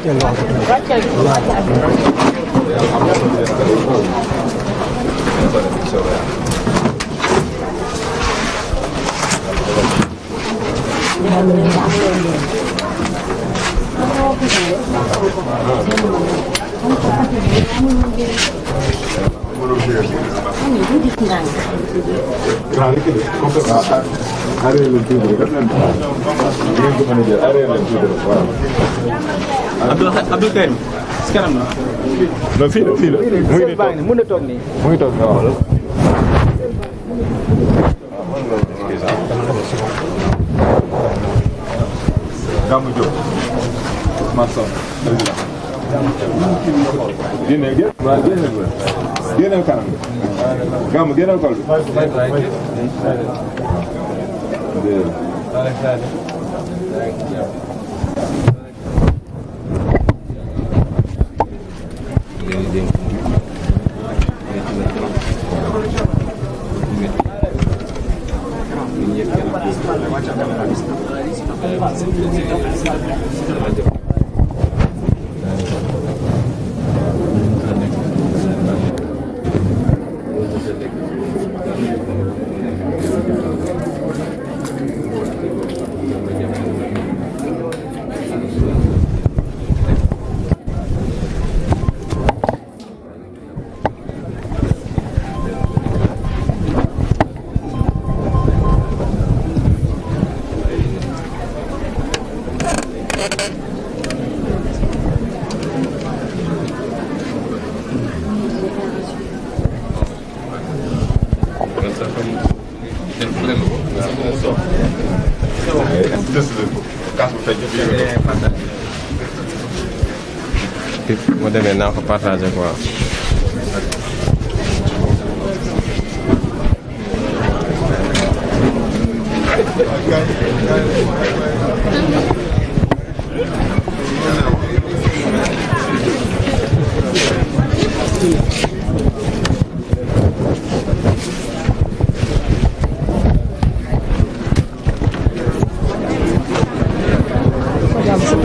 wàcceel loxo Aree leen tuuti rek, aree leen tuuti rek, waaw. Abdou Abdou Karim si kanam la. non fii la fii la mu ngi toog na toog nii. mu ngi toog waaw. Gamou Diop. Ousmane Sow. génne génne waaw génne génneel kanam kol jërëjëf leen ko. waaw. ma demee naa ko partagé quoi.